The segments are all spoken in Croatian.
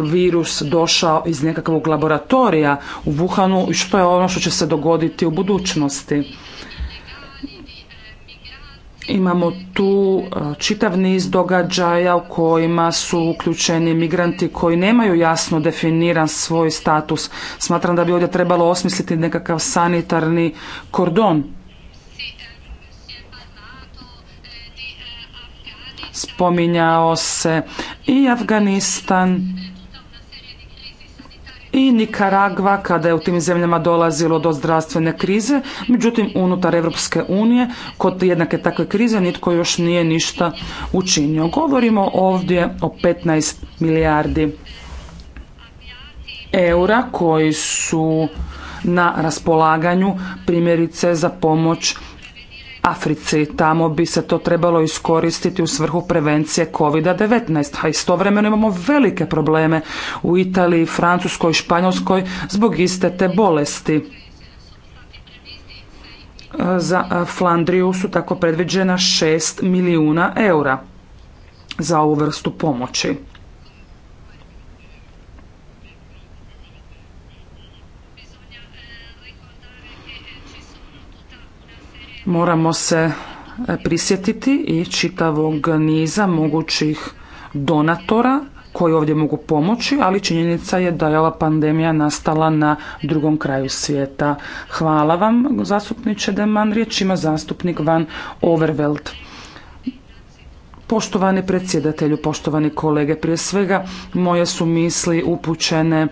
virus došao iz nekakvog laboratorija u Wuhanu i što je ono što će se dogoditi u budućnosti. Imamo tu e, čitav niz događaja u kojima su uključeni migranti koji nemaju jasno definiran svoj status. Smatram da bi ovdje trebalo osmisliti nekakav sanitarni kordon. Spominjao se i Afganistan i Nikaragva kada je u tim zemljama dolazilo do zdravstvene krize, međutim unutar Evropske unije kod jednake takve krize nitko još nije ništa učinio. Govorimo ovdje o 15 milijardi eura koji su na raspolaganju primjerice za pomoć Africi. Tamo bi se to trebalo iskoristiti u svrhu prevencije COVID-19, a istovremeno imamo velike probleme u Italiji, Francuskoj, Španjolskoj zbog iste te bolesti. Za Flandriju su tako predviđena 6 milijuna eura za ovu vrstu pomoći. Moramo se e, prisjetiti i čitavog niza mogućih donatora koji ovdje mogu pomoći, ali činjenica je da je ova pandemija nastala na drugom kraju svijeta. Hvala vam, zastupniče Deman. Riječ ima zastupnik Van Overveld. Poštovani predsjedatelju, poštovani kolege, prije svega moje su misli upućene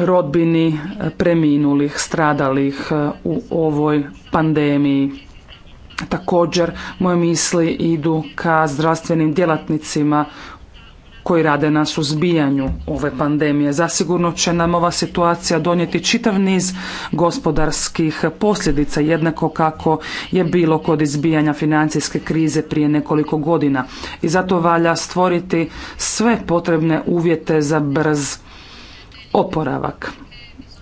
rodbini e, preminulih, stradalih e, u ovoj pandemiji. Također, moje misli idu ka zdravstvenim djelatnicima koji rade na suzbijanju ove pandemije. Zasigurno će nam ova situacija donijeti čitav niz gospodarskih posljedica, jednako kako je bilo kod izbijanja financijske krize prije nekoliko godina. I zato valja stvoriti sve potrebne uvjete za brz oporavak.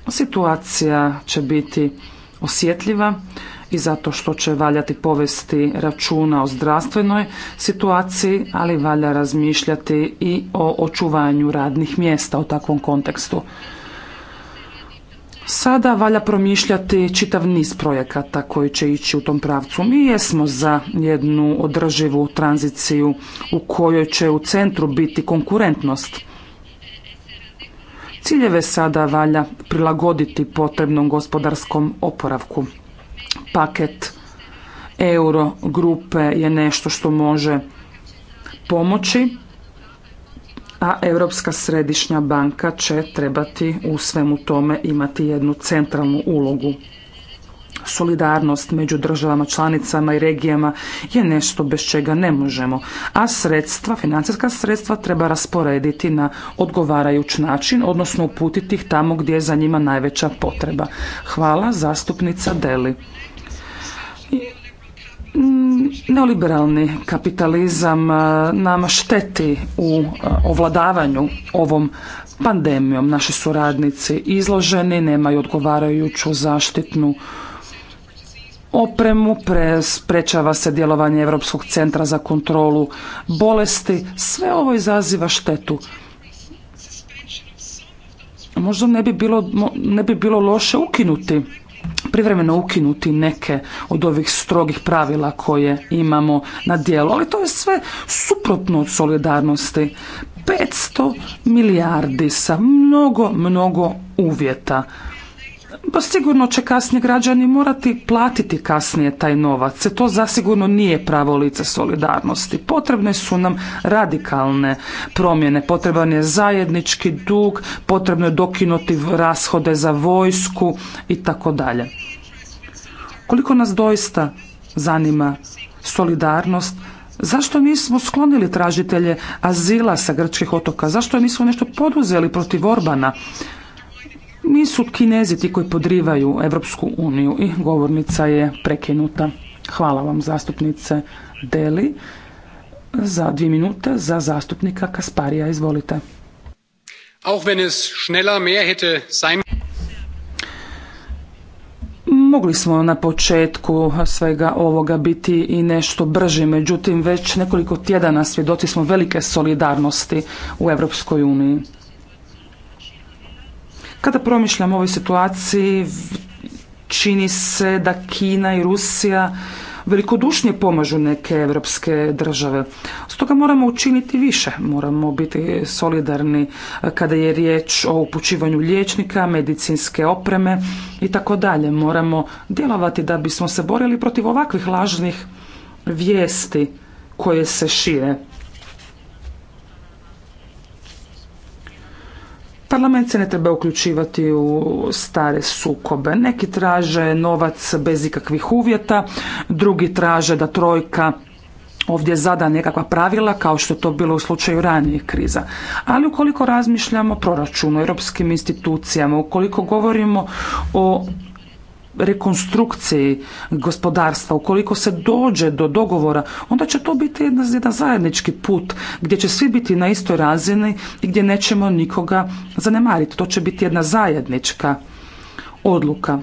Situacija će biti osjetljiva i zato što će valjati povesti računa o zdravstvenoj situaciji, ali valja razmišljati i o očuvanju radnih mjesta u takvom kontekstu. Sada valja promišljati čitav niz projekata koji će ići u tom pravcu. Mi jesmo za jednu održivu tranziciju u kojoj će u centru biti konkurentnost. Ciljeve sada valja prilagoditi potrebnom gospodarskom oporavku. Paket euro grupe je nešto što može pomoći, a Europska središnja banka će trebati u svemu tome imati jednu centralnu ulogu solidarnost među državama, članicama i regijama je nešto bez čega ne možemo. A sredstva, financijska sredstva treba rasporediti na odgovarajući način, odnosno uputiti ih tamo gdje je za njima najveća potreba. Hvala, zastupnica Deli. Neoliberalni kapitalizam eh, nam šteti u eh, ovladavanju ovom pandemijom. Naši suradnici radnici izloženi, nemaju odgovarajuću zaštitnu opremu, sprečava se djelovanje Europskog centra za kontrolu bolesti. Sve ovo izaziva štetu. Možda ne bi bilo, ne bi bilo loše ukinuti privremeno ukinuti neke od ovih strogih pravila koje imamo na dijelu, ali to je sve suprotno od solidarnosti. 500 milijardi sa mnogo, mnogo uvjeta pa sigurno će kasnije građani morati platiti kasnije taj novac. To zasigurno nije pravo lice solidarnosti. Potrebne su nam radikalne promjene. Potreban je zajednički dug, potrebno je dokinuti rashode za vojsku i tako dalje. Koliko nas doista zanima solidarnost, Zašto nismo sklonili tražitelje azila sa grčkih otoka? Zašto nismo nešto poduzeli protiv Orbana? nisu kinezi ti koji podrivaju Europsku uniju i govornica je prekinuta. Hvala vam zastupnice Deli. Za dvije minute za zastupnika Kasparija. Izvolite. Auch wenn es schneller mehr hätte sein Mogli smo na početku svega ovoga biti i nešto brži, međutim već nekoliko tjedana svjedoci smo velike solidarnosti u Europskoj uniji. Kada promišljam o ovoj situaciji, čini se da Kina i Rusija velikodušnije pomažu neke evropske države. Stoga moramo učiniti više, moramo biti solidarni e, kada je riječ o upućivanju liječnika, medicinske opreme i tako dalje. Moramo djelovati da bismo se borili protiv ovakvih lažnih vijesti koje se šire. Parlament se ne treba uključivati u stare sukobe. Neki traže novac bez ikakvih uvjeta, drugi traže da trojka ovdje zada nekakva pravila kao što je to bilo u slučaju ranijih kriza. Ali ukoliko razmišljamo o proračunu, europskim institucijama, ukoliko govorimo o rekonstrukciji gospodarstva, ukoliko se dođe do dogovora, onda će to biti jedan zajednički put gdje će svi biti na istoj razini i gdje nećemo nikoga zanemariti. To će biti jedna zajednička odluka.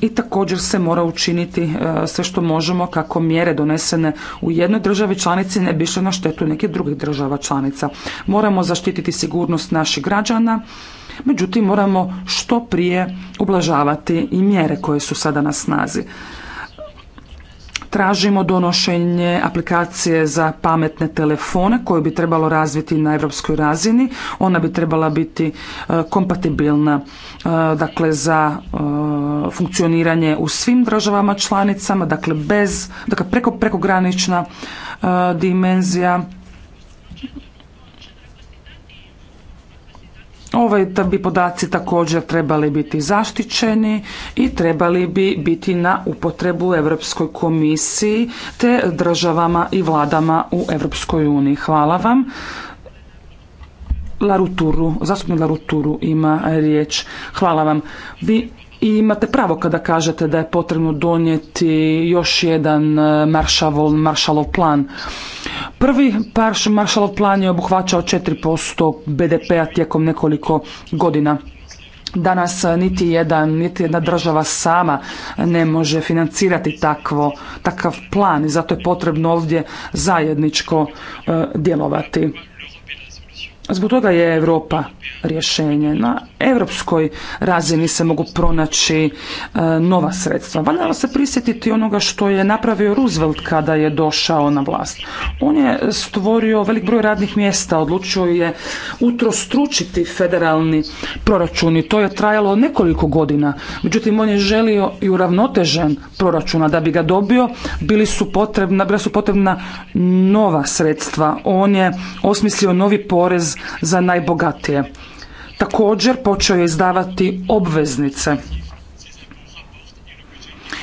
i također se mora učiniti e, sve što možemo kako mjere donesene u jednoj državi članici ne bi na štetu nekih drugih država članica. Moramo zaštititi sigurnost naših građana, međutim moramo što prije ublažavati i mjere koje su sada na snazi. Tražimo donošenje aplikacije za pametne telefone koje bi trebalo razviti na europskoj razini. Ona bi trebala biti e, kompatibilna e, dakle za e, funkcioniranje u svim državama članicama, dakle bez, dakle preko, prekogranična dimenzija Ovaj bi podaci također trebali biti zaštićeni i trebali bi biti na upotrebu Europskoj komisiji te državama i vladama u Europskoj uniji. Hvala vam. Laruturu, zastupnik Laruturu ima riječ. Hvala vam. Vi i imate pravo kada kažete da je potrebno donijeti još jedan e, maršalov, plan. Prvi maršalov plan je obuhvaćao 4% BDP-a tijekom nekoliko godina. Danas niti, jedan, niti jedna država sama ne može financirati takvo, takav plan i zato je potrebno ovdje zajedničko e, djelovati. Zbog toga je Europa rješenje. Na europskoj razini se mogu pronaći e, nova sredstva. Valjalo se prisjetiti onoga što je napravio Roosevelt kada je došao na vlast. On je stvorio velik broj radnih mjesta, odlučio je utrostručiti federalni proračun i to je trajalo nekoliko godina. Međutim, on je želio i uravnotežen proračuna. Da bi ga dobio, bili su potrebna, bila su potrebna nova sredstva. On je osmislio novi porez za najbogatije. Također počeo je izdavati obveznice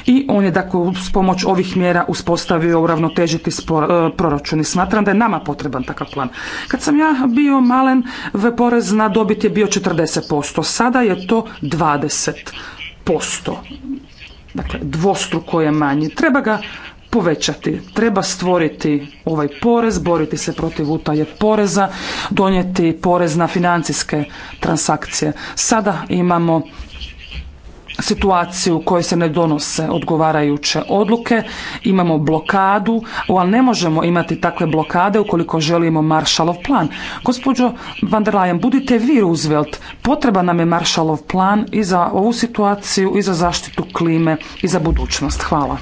i on je dakle s pomoć ovih mjera uspostavio uravnotežiti e, proračun i smatram da je nama potreban takav plan. Kad sam ja bio malen, porez na dobit je bio 40%, sada je to 20%. Dakle, dvostruko je manji. Treba ga povećati. Treba stvoriti ovaj porez, boriti se protiv utaje poreza, donijeti porez na financijske transakcije. Sada imamo situaciju u kojoj se ne donose odgovarajuće odluke, imamo blokadu, ali ne možemo imati takve blokade ukoliko želimo Maršalov plan. Gospođo van der Leyen, budite vi Roosevelt, potreba nam je Maršalov plan i za ovu situaciju, i za zaštitu klime, i za budućnost. Hvala.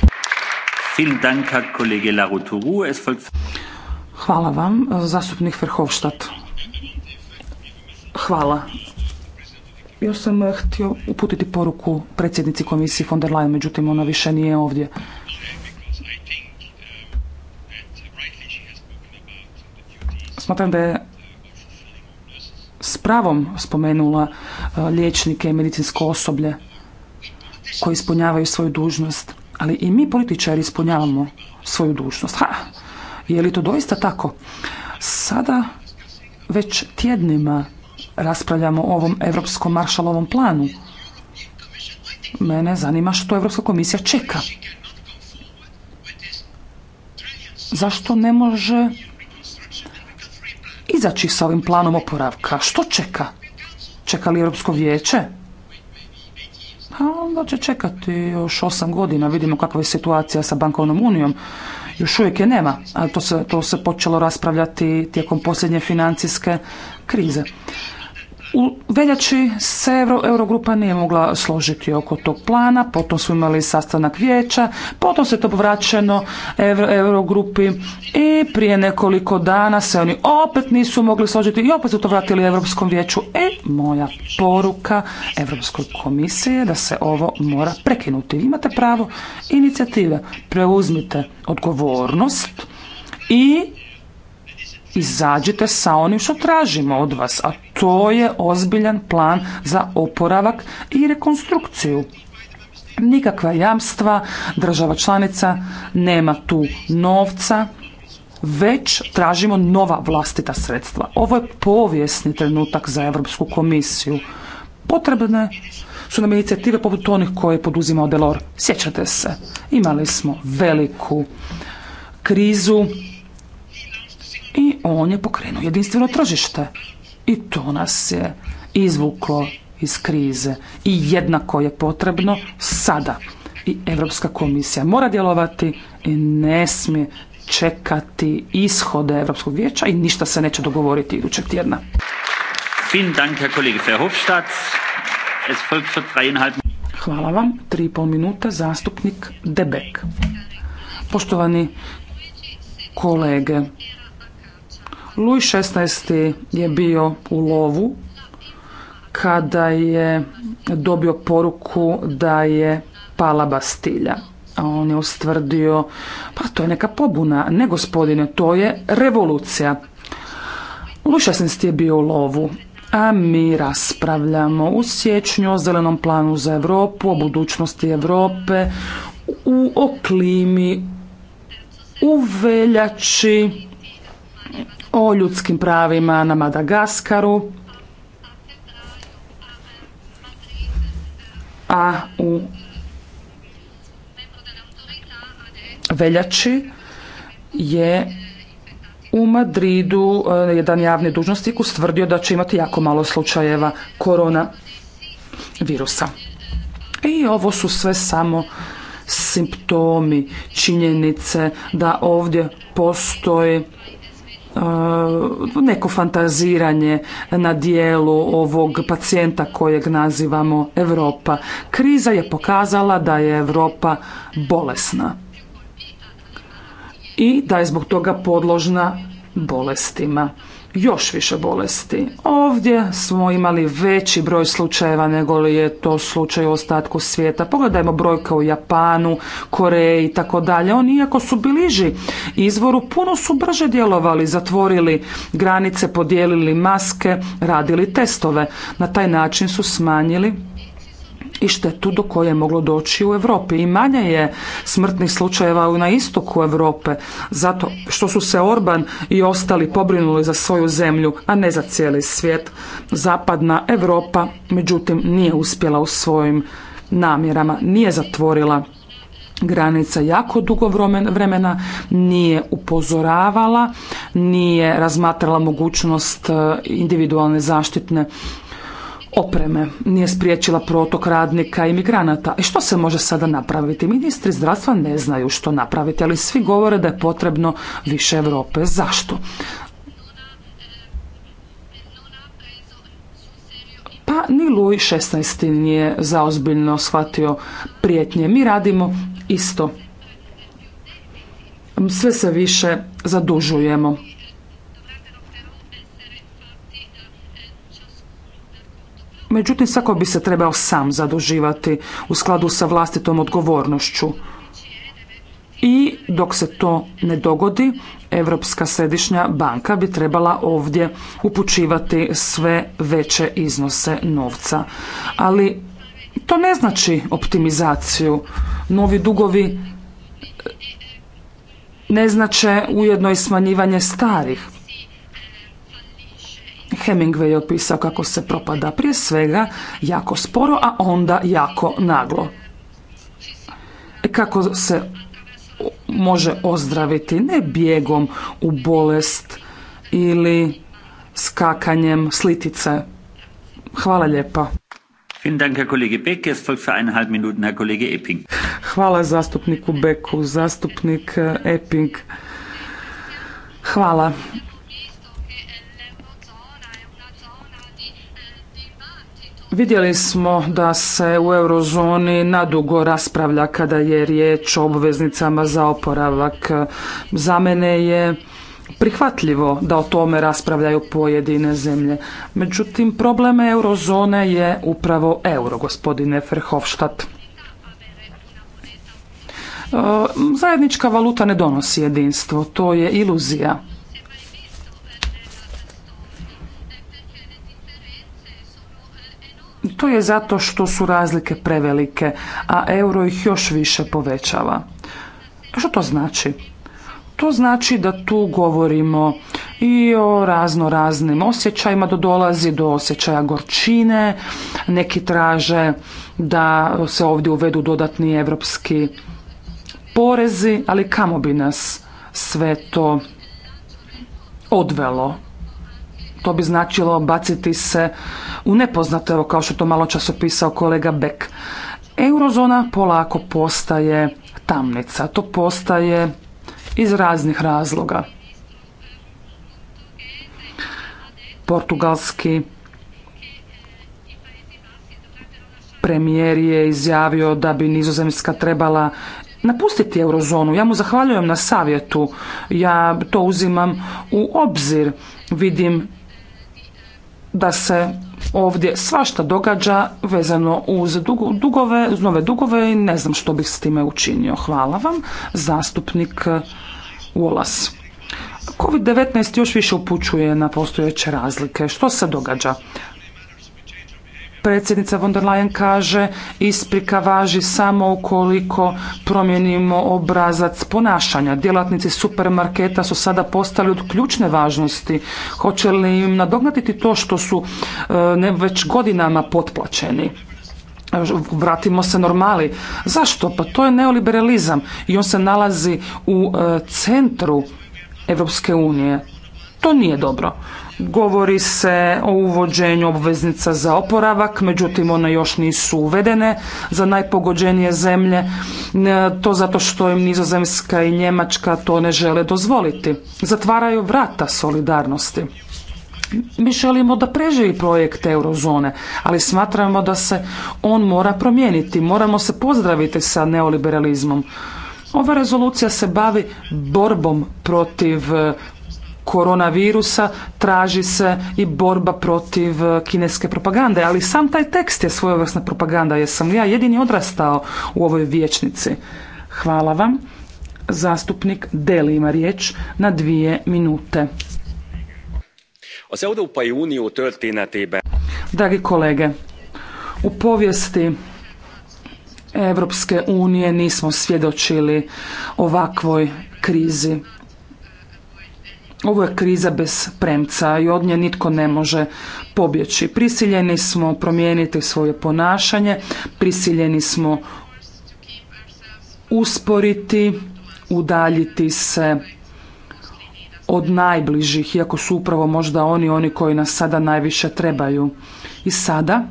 Hvala vam. E, zastupnik Verhofstadt. Hvala. Još sam e, htio uputiti poruku predsjednici komisije von der Leyen, međutim ona više nije ovdje. Smatram da je s pravom spomenula e, liječnike i medicinsko osoblje koji ispunjavaju svoju dužnost. Ali i mi političari ispunjavamo svoju dužnost. Ha, je li to doista tako? Sada već tjednima raspravljamo o ovom Europskom maršalovom planu. Mene zanima što Europska komisija čeka. Zašto ne može izaći sa ovim planom oporavka? Što čeka? Čeka li Europsko vijeće? A onda će čekati još osam godina, vidimo kakva je situacija sa bankovnom unijom. Još uvijek je nema, a to se, to se počelo raspravljati tijekom posljednje financijske krize. U veljači se Euro, Eurogrupa nije mogla složiti oko tog plana, potom su imali sastanak vijeća, potom se to povraćeno Euro, Eurogrupi i prije nekoliko dana se oni opet nisu mogli složiti i opet su to vratili Europskom vijeću. E, moja poruka Europskoj komisiji je da se ovo mora prekinuti. Imate pravo inicijative, preuzmite odgovornost i izađite sa onim što tražimo od vas, a to je ozbiljan plan za oporavak i rekonstrukciju. Nikakva jamstva država članica nema tu novca, već tražimo nova vlastita sredstva. Ovo je povijesni trenutak za Europsku komisiju. Potrebne su nam inicijative poput onih koje je poduzimao Delor. Sjećate se, imali smo veliku krizu i on je pokrenuo jedinstveno tržište. I to nas je izvuklo iz krize i jednako je potrebno sada. I Europska komisija mora djelovati i ne smije čekati ishode Europskog vijeća i ništa se neće dogovoriti idućeg tjedna. Hvala vam. Tri minuta zastupnik Debek. Poštovani kolege, Louis XVI je bio u lovu kada je dobio poruku da je pala Bastilja. A on je ustvrdio, pa to je neka pobuna, ne gospodine, to je revolucija. Louis XVI je bio u lovu, a mi raspravljamo u siječnju o zelenom planu za Europu, o budućnosti Europe, u oklimi, klimi, u veljači o ljudskim pravima na Madagaskaru, a u veljači je u Madridu eh, jedan javni dužnosnik ustvrdio da će imati jako malo slučajeva korona virusa. I ovo su sve samo simptomi, činjenice da ovdje postoji E, neko fantaziranje na dijelu ovog pacijenta kojeg nazivamo Europa. Kriza je pokazala da je Europa bolesna i da je zbog toga podložna bolestima još više bolesti. Ovdje smo imali veći broj slučajeva nego li je to slučaj u ostatku svijeta. Pogledajmo brojka u Japanu, Koreji i tako dalje. Oni iako su bliži izvoru, puno su brže djelovali, zatvorili granice, podijelili maske, radili testove. Na taj način su smanjili i štetu do koje je moglo doći u Europi. I manje je smrtnih slučajeva na istoku Europe zato što su se Orban i ostali pobrinuli za svoju zemlju, a ne za cijeli svijet. Zapadna Europa međutim nije uspjela u svojim namjerama, nije zatvorila granica jako dugo vremena, nije upozoravala, nije razmatrala mogućnost e, individualne zaštitne opreme, nije spriječila protok radnika i migranata. I što se može sada napraviti? Ministri zdravstva ne znaju što napraviti, ali svi govore da je potrebno više Europe. Zašto? Pa ni Luj 16. nije zaozbiljno shvatio prijetnje. Mi radimo isto. Sve se više zadužujemo. Međutim, svako bi se trebao sam zaduživati u skladu sa vlastitom odgovornošću. I dok se to ne dogodi, Europska središnja banka bi trebala ovdje upućivati sve veće iznose novca. Ali to ne znači optimizaciju. Novi dugovi ne znače ujedno i smanjivanje starih. Hemingway je opisao kako se propada prije svega jako sporo, a onda jako naglo. Kako se može ozdraviti ne bijegom u bolest ili skakanjem slitice. Hvala lijepa. Hvala zastupniku Beku, zastupnik eh, Epping. Hvala. Vidjeli smo da se u eurozoni nadugo raspravlja kada je riječ o obveznicama za oporavak. Za mene je prihvatljivo da o tome raspravljaju pojedine zemlje. Međutim, problem eurozone je upravo euro, gospodine Ferhofstadt. E, zajednička valuta ne donosi jedinstvo, to je iluzija. To je zato što su razlike prevelike, a euro ih još više povećava. Što to znači? To znači da tu govorimo i o razno raznim osjećajima, da dolazi do osjećaja gorčine, neki traže da se ovdje uvedu dodatni evropski porezi, ali kamo bi nas sve to odvelo? to bi značilo baciti se u nepoznato, evo kao što to malo čas opisao kolega Beck. Eurozona polako postaje tamnica, to postaje iz raznih razloga. Portugalski premijer je izjavio da bi nizozemska trebala napustiti eurozonu. Ja mu zahvaljujem na savjetu. Ja to uzimam u obzir. Vidim da se ovdje svašta događa vezano uz dugove, uz nove dugove i ne znam što bih s time učinio. Hvala vam, zastupnik Ulas. COVID-19 još više upućuje na postojeće razlike. Što se događa? predsjednica von der Leyen kaže isprika važi samo ukoliko promijenimo obrazac ponašanja. Djelatnici supermarketa su sada postali od ključne važnosti. Hoće li im nadognatiti to što su e, ne, već godinama potplaćeni? vratimo se normali. Zašto? Pa to je neoliberalizam i on se nalazi u e, centru Europske unije. To nije dobro. Govori se o uvođenju obveznica za oporavak, međutim one još nisu uvedene za najpogođenije zemlje, to zato što im Nizozemska i Njemačka to ne žele dozvoliti. Zatvaraju vrata solidarnosti. Mi želimo da preživi projekt eurozone, ali smatramo da se on mora promijeniti. Moramo se pozdraviti sa neoliberalizmom. Ova rezolucija se bavi borbom protiv koronavirusa traži se i borba protiv e, kineske propagande, ali sam taj tekst je svojevrsna propaganda, jesam sam ja jedini odrastao u ovoj vječnici. Hvala vam. Zastupnik Deli ima riječ na dvije minute. Dragi kolege, u povijesti Evropske unije nismo svjedočili ovakvoj krizi. Ovo je kriza bez premca i od nje nitko ne može pobjeći. Prisiljeni smo promijeniti svoje ponašanje, prisiljeni smo usporiti, udaljiti se od najbližih, iako su upravo možda oni oni koji nas sada najviše trebaju. I sada,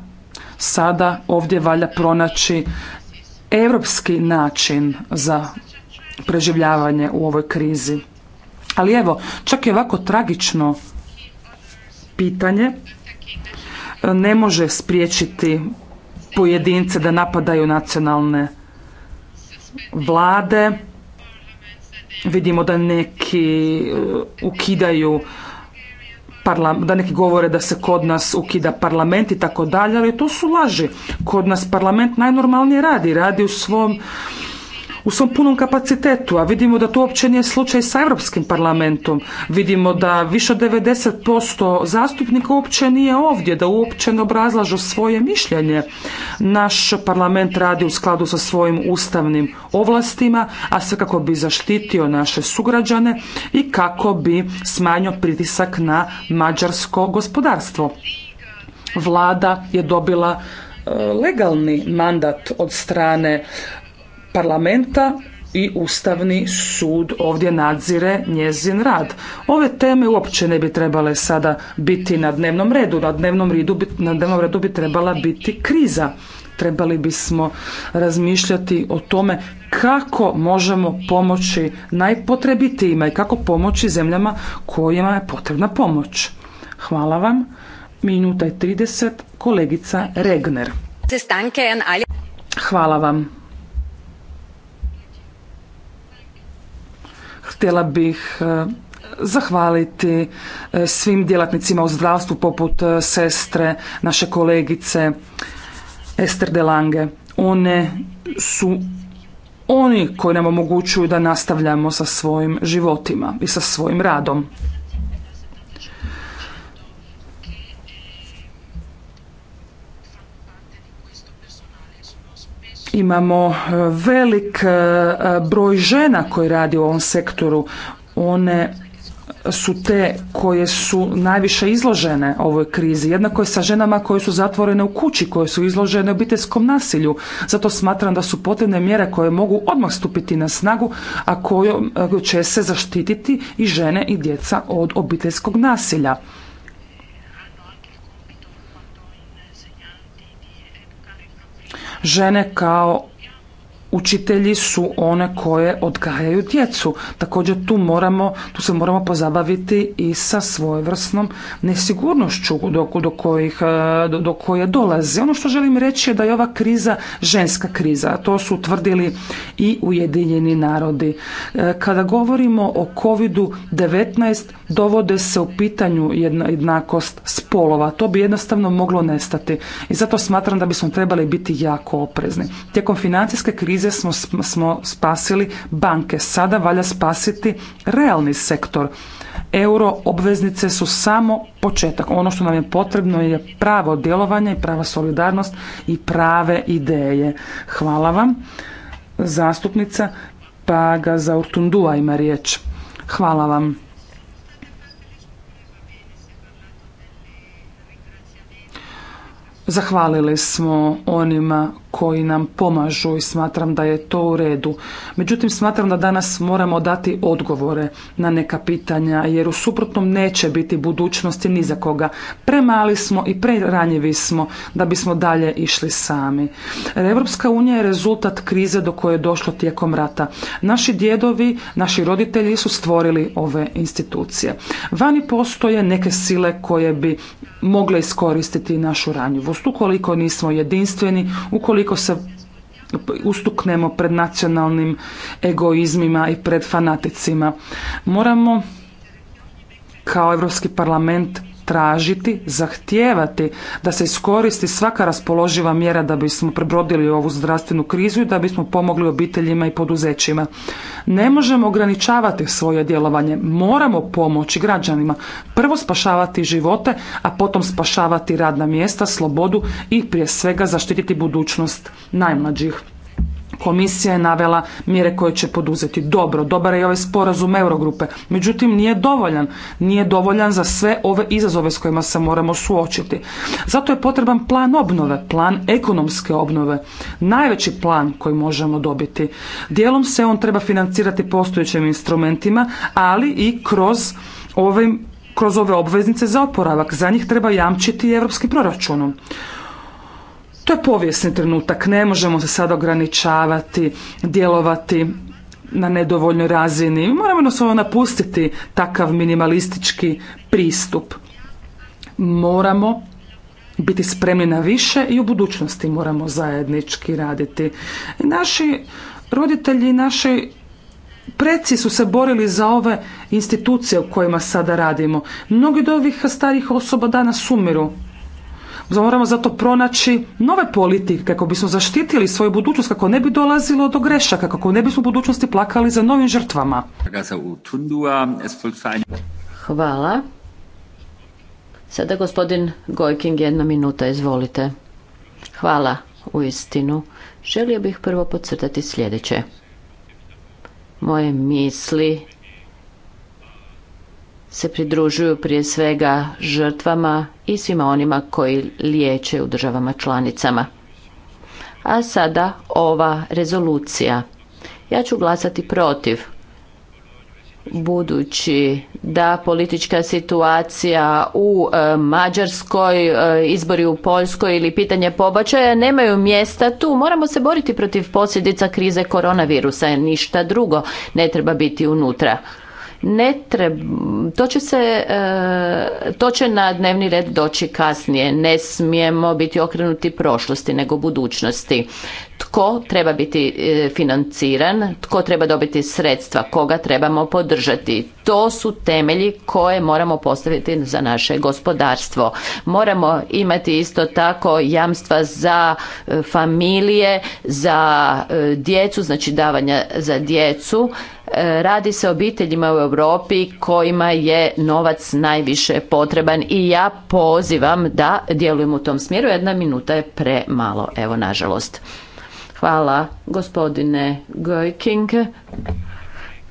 sada ovdje valja pronaći europski način za preživljavanje u ovoj krizi. Ali evo, čak je ovako tragično pitanje ne može spriječiti pojedince da napadaju nacionalne vlade. Vidimo da neki uh, ukidaju da neki govore da se kod nas ukida parlament i tako dalje, ali to su laži. Kod nas parlament najnormalnije radi, radi u svom u svom punom kapacitetu, a vidimo da to uopće nije slučaj sa Europskim parlamentom. Vidimo da više od 90% zastupnika uopće nije ovdje, da uopće ne obrazlažu svoje mišljenje. Naš parlament radi u skladu sa svojim ustavnim ovlastima, a sve kako bi zaštitio naše sugrađane i kako bi smanjio pritisak na mađarsko gospodarstvo. Vlada je dobila e, legalni mandat od strane parlamenta i Ustavni sud ovdje nadzire njezin rad. Ove teme uopće ne bi trebale sada biti na dnevnom redu. Na dnevnom redu bi, na dnevnom redu bi trebala biti kriza. Trebali bismo razmišljati o tome kako možemo pomoći najpotrebitijima i kako pomoći zemljama kojima je potrebna pomoć. Hvala vam. Minuta i 30, kolegica Regner. Hvala vam. Htjela bih e, zahvaliti e, svim djelatnicima u zdravstvu poput e, sestre, naše kolegice Ester Lange. One su oni koji nam omogućuju da nastavljamo sa svojim životima i sa svojim radom. Imamo e, velik e, broj žena koji radi u ovom sektoru. One su te koje su najviše izložene ovoj krizi. Jednako je sa ženama koje su zatvorene u kući, koje su izložene obiteljskom nasilju. Zato smatram da su potrebne mjere koje mogu odmah stupiti na snagu, a koje će se zaštititi i žene i djeca od obiteljskog nasilja. žene kao učitelji su one koje odgajaju djecu. Također tu moramo, tu se moramo pozabaviti i sa svojevrsnom nesigurnošću do, do, kojih, e, do koje dolazi. Ono što želim reći je da je ova kriza ženska kriza. To su tvrdili i Ujedinjeni narodi. E, kada govorimo o COVID-19 dovode se u pitanju jednakost spolova. To bi jednostavno moglo nestati. I zato smatram da bismo trebali biti jako oprezni. Tijekom financijske krize krize smo, smo spasili banke, sada valja spasiti realni sektor. Euro obveznice su samo početak. Ono što nam je potrebno je pravo djelovanje i prava solidarnost i prave ideje. Hvala vam. Zastupnica Paga za Urtundua ima riječ. Hvala vam. Zahvalili smo onima koji nam pomažu i smatram da je to u redu. Međutim, smatram da danas moramo dati odgovore na neka pitanja jer u suprotnom neće biti budućnosti ni za koga. Premali smo i preranjivi smo da bismo dalje išli sami. Europska unija je rezultat krize do koje je došlo tijekom rata. Naši djedovi, naši roditelji su stvorili ove institucije. Vani postoje neke sile koje bi mogle iskoristiti našu ranjivost. Ukoliko nismo jedinstveni, ukoliko se ustuknemo pred nacionalnim egoizmima i pred fanaticima. Moramo kao Europski parlament tražiti, zahtijevati da se iskoristi svaka raspoloživa mjera da bismo prebrodili ovu zdravstvenu krizu i da bismo pomogli obiteljima i poduzećima. Ne možemo ograničavati svoje djelovanje, moramo pomoći građanima, prvo spašavati živote, a potom spašavati radna mjesta, slobodu i prije svega zaštititi budućnost najmlađih. Komisija je navela mjere koje će poduzeti. Dobro, dobar je i ovaj sporazum Eurogrupe. Međutim, nije dovoljan. Nije dovoljan za sve ove izazove s kojima se moramo suočiti. Zato je potreban plan obnove, plan ekonomske obnove. Najveći plan koji možemo dobiti. Dijelom se on treba financirati postojećim instrumentima, ali i kroz kroz ove obveznice za oporavak. Za njih treba jamčiti europski proračunom. To je povijesni trenutak, ne možemo se sad ograničavati, djelovati na nedovoljnoj razini. Moramo jednostavno napustiti takav minimalistički pristup. Moramo biti spremni na više i u budućnosti moramo zajednički raditi. Naši roditelji naši preci su se borili za ove institucije u kojima sada radimo. Mnogi od ovih starih osoba danas umiru Moramo zato pronaći nove politike kako bismo zaštitili svoju budućnost, kako ne bi dolazilo do grešaka, kako ne bismo u budućnosti plakali za novim žrtvama. Hvala. Sada gospodin Gojking, jedna minuta, izvolite. Hvala, u istinu. Želio bih prvo podcrtati sljedeće. Moje misli se pridružuju prije svega žrtvama i svima onima koji liječe u državama članicama. A sada ova rezolucija. Ja ću glasati protiv budući da politička situacija u e, Mađarskoj, e, izbori u Poljskoj ili pitanje pobačaja nemaju mjesta tu. Moramo se boriti protiv posljedica krize koronavirusa, ništa drugo ne treba biti unutra ne treba, to će se, e, to će na dnevni red doći kasnije. Ne smijemo biti okrenuti prošlosti nego budućnosti tko treba biti e, financiran, tko treba dobiti sredstva, koga trebamo podržati. To su temelji koje moramo postaviti za naše gospodarstvo. Moramo imati isto tako jamstva za e, familije, za e, djecu, znači davanja za djecu. Radi se o obiteljima u Europi kojima je novac najviše potreban i ja pozivam da djelujemo u tom smjeru. Jedna minuta je premalo, evo nažalost. Hvala gospodine Gojking.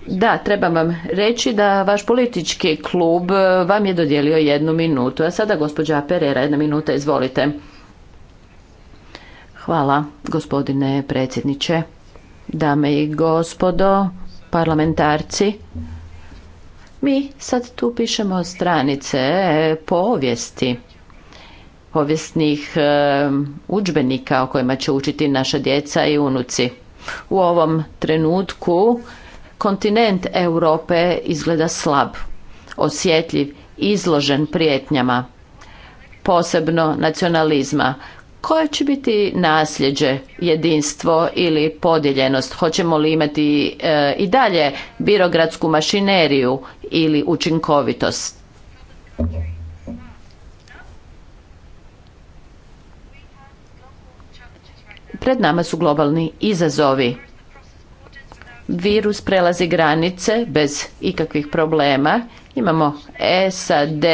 Da, trebam vam reći da vaš politički klub vam je dodijelio jednu minutu. A sada gospođa Perera, jedna minuta, izvolite. Hvala gospodine predsjedniče, dame i gospodo, parlamentarci. Mi sad tu pišemo stranice povijesti povijesnih udžbenika o kojima će učiti naša djeca i unuci. U ovom trenutku kontinent Europe izgleda slab, osjetljiv, izložen prijetnjama, posebno nacionalizma. Koje će biti nasljeđe, jedinstvo ili podijeljenost? Hoćemo li imati e, i dalje birogradsku mašineriju ili učinkovitost? Pred nama su globalni izazovi. Virus prelazi granice bez ikakvih problema. Imamo SAD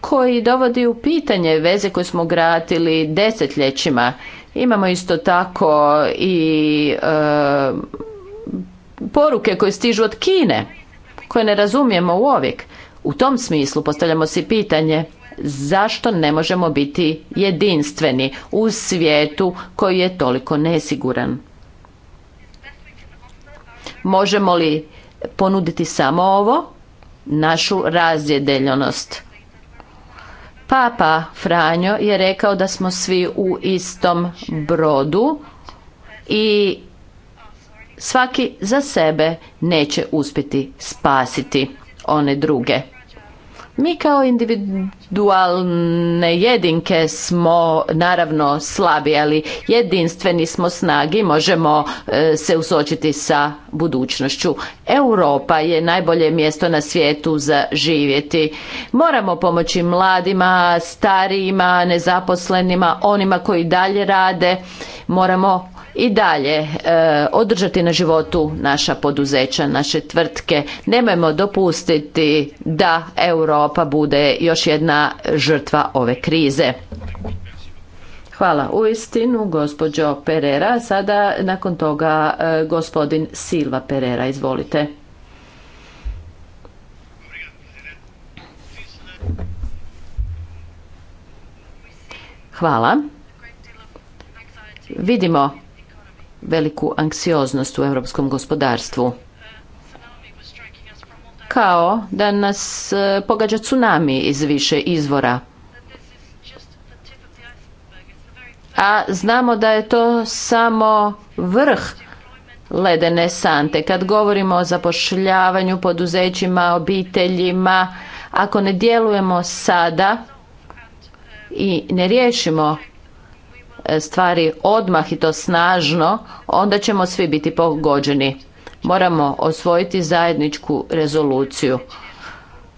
koji dovodi u pitanje veze koje smo gratili desetljećima. Imamo isto tako i e, poruke koje stižu od Kine koje ne razumijemo uvijek. U tom smislu postavljamo si pitanje zašto ne možemo biti jedinstveni u svijetu koji je toliko nesiguran. Možemo li ponuditi samo ovo, našu razjedeljonost? Papa Franjo je rekao da smo svi u istom brodu i svaki za sebe neće uspjeti spasiti one druge. Mi kao individualne jedinke smo naravno slabi, ali jedinstveni smo snagi, možemo e, se usočiti sa budućnošću. Europa je najbolje mjesto na svijetu za živjeti. Moramo pomoći mladima, starijima, nezaposlenima, onima koji dalje rade. Moramo i dalje e, održati na životu naša poduzeća, naše tvrtke. Nemojmo dopustiti da Europa bude još jedna žrtva ove krize. Hvala u istinu, gospođo Perera. Sada nakon toga e, gospodin Silva Perera, izvolite. Hvala. Vidimo veliku anksioznost u europskom gospodarstvu. Kao da nas e, pogađa tsunami iz više izvora. A znamo da je to samo vrh ledene sante. Kad govorimo o zapošljavanju, poduzećima, obiteljima, ako ne djelujemo sada i ne riješimo E, stvari odmah i to snažno, onda ćemo svi biti pogođeni. Moramo osvojiti zajedničku rezoluciju.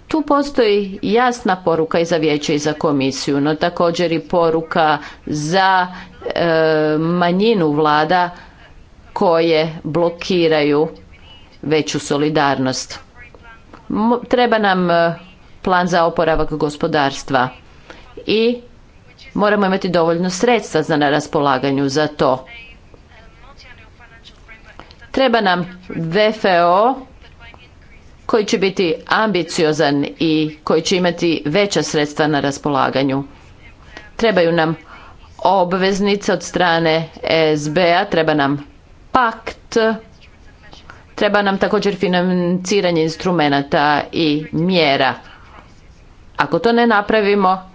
Tu postoji jasna poruka i za vijeće i za komisiju, no također i poruka za e, manjinu vlada koje blokiraju veću solidarnost. Treba nam e, plan za oporavak gospodarstva i Moramo imati dovoljno sredstva za na raspolaganju za to. Treba nam VFO koji će biti ambiciozan i koji će imati veća sredstva na raspolaganju. Trebaju nam obveznice od strane SBA, treba nam pakt, treba nam također financiranje instrumenata i mjera. Ako to ne napravimo,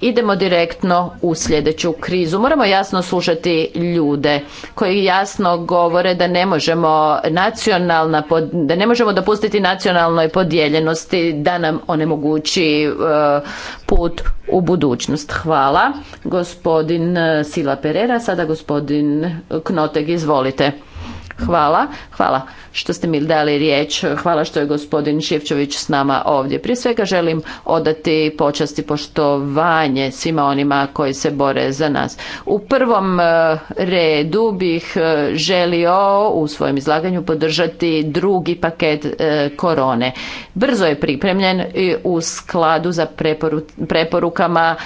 idemo direktno u sljedeću krizu. Moramo jasno slušati ljude koji jasno govore da ne možemo nacionalna, da ne možemo dopustiti nacionalnoj podijeljenosti da nam onemogući e, put u budućnost. Hvala. Gospodin Sila Perera, sada gospodin Knotek, izvolite. Hvala. Hvala što ste mi dali riječ. Hvala što je gospodin Šivčević s nama ovdje. Prije svega želim odati počasti poštovanje svima onima koji se bore za nas. U prvom e, redu bih e, želio u svojem izlaganju podržati drugi paket e, korone. Brzo je pripremljen u skladu za preporukama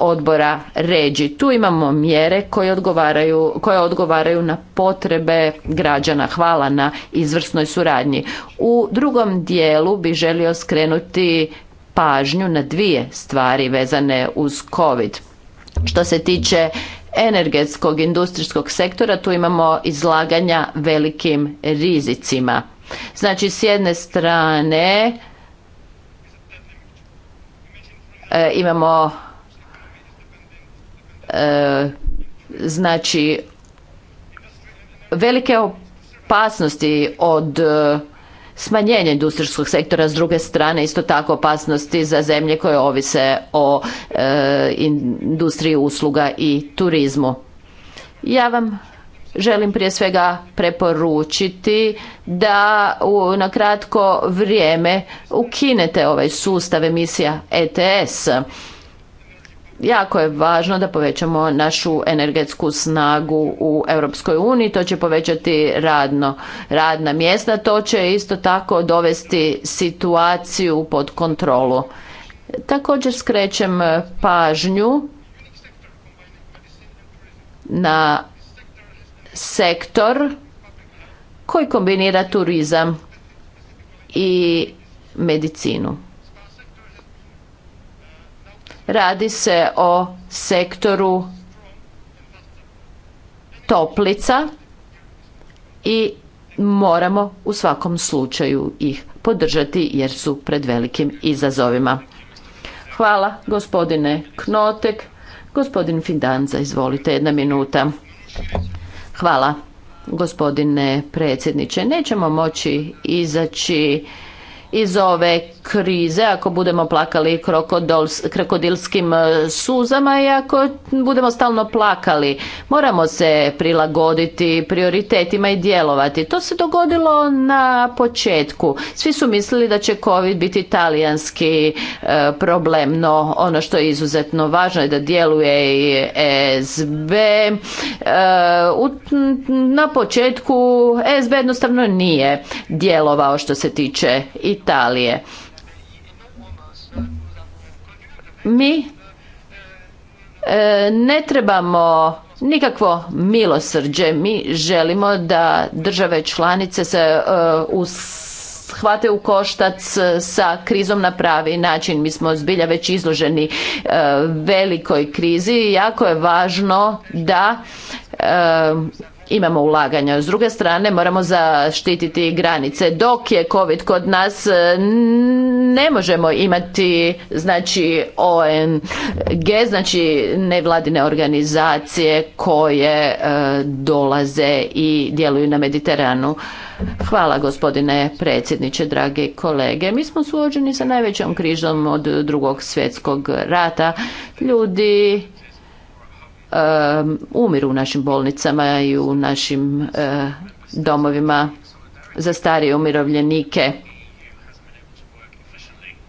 odbora ređi. Tu imamo mjere koje odgovaraju, koje odgovaraju na potrebe građana građana. Hvala na izvrsnoj suradnji. U drugom dijelu bi želio skrenuti pažnju na dvije stvari vezane uz COVID. Što se tiče energetskog industrijskog sektora, tu imamo izlaganja velikim rizicima. Znači, s jedne strane e, imamo e, znači velike opasnosti od e, smanjenja industrijskog sektora, s druge strane isto tako opasnosti za zemlje koje ovise o e, industriji usluga i turizmu. Ja vam želim prije svega preporučiti da na kratko vrijeme ukinete ovaj sustav emisija ETS Jako je važno da povećamo našu energetsku snagu u Europskoj uniji, to će povećati radno, radna mjesta, to će isto tako dovesti situaciju pod kontrolu. Također skrećem pažnju na sektor koji kombinira turizam i medicinu. Radi se o sektoru toplica i moramo u svakom slučaju ih podržati jer su pred velikim izazovima. Hvala gospodine Knotek. Gospodin Fidanza, izvolite, jedna minuta. Hvala gospodine predsjedniče. Nećemo moći izaći iz ove krize, ako budemo plakali krokodilskim e, suzama i ako budemo stalno plakali. Moramo se prilagoditi prioritetima i djelovati. To se dogodilo na početku. Svi su mislili da će COVID biti italijanski e, problem, no ono što je izuzetno važno je da djeluje i SB. E, na početku SB jednostavno nije djelovao što se tiče Italije. Mi e, ne trebamo nikakvo milosrđe. Mi želimo da države članice se e, uhvate u koštac sa krizom na pravi način. Mi smo zbilja već izloženi e, velikoj krizi i jako je važno da imamo ulaganja. S druge strane moramo zaštititi granice. Dok je COVID kod nas e, ne možemo imati znači ONG, znači nevladine organizacije koje e, dolaze i djeluju na Mediteranu. Hvala gospodine predsjedniče, dragi kolege. Mi smo suođeni sa najvećom križom od drugog svjetskog rata. Ljudi Um, umiru u našim bolnicama i u našim uh, domovima za starije umirovljenike.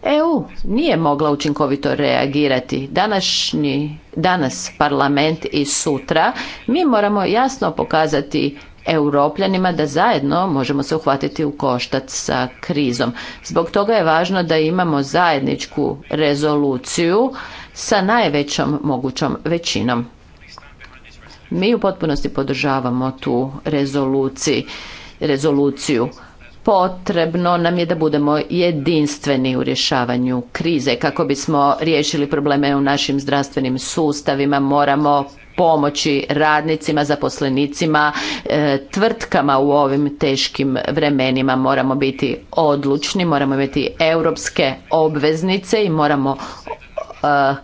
EU nije mogla učinkovito reagirati. Današnji, danas parlament i sutra mi moramo jasno pokazati europljanima da zajedno možemo se uhvatiti u koštac sa krizom. Zbog toga je važno da imamo zajedničku rezoluciju sa najvećom mogućom većinom. Mi u potpunosti podržavamo tu rezoluciji, rezoluciju. Potrebno nam je da budemo jedinstveni u rješavanju krize. Kako bismo riješili probleme u našim zdravstvenim sustavima moramo pomoći radnicima, zaposlenicima, e, tvrtkama u ovim teškim vremenima. Moramo biti odlučni, moramo imati europske obveznice i moramo e,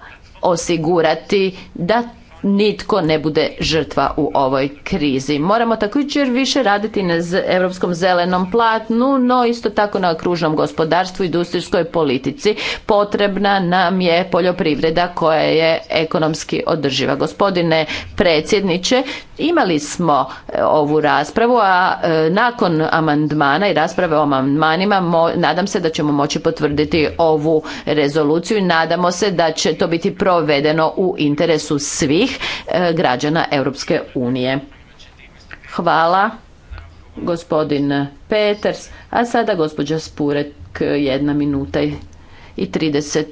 osigurati da nitko ne bude žrtva u ovoj krizi. Moramo tako također više raditi na europskom zelenom platnu, no isto tako na kružnom gospodarstvu i industrijskoj politici. Potrebna nam je poljoprivreda koja je ekonomski održiva. Gospodine predsjedniče, imali smo e, ovu raspravu, a e, nakon amandmana i rasprave o amandmanima nadam se da ćemo moći potvrditi ovu rezoluciju i nadamo se da će to biti provedeno u interesu svih svih e, građana Europske unije. Hvala gospodin Peters, a sada gospođa Spurek jedna minuta i 30.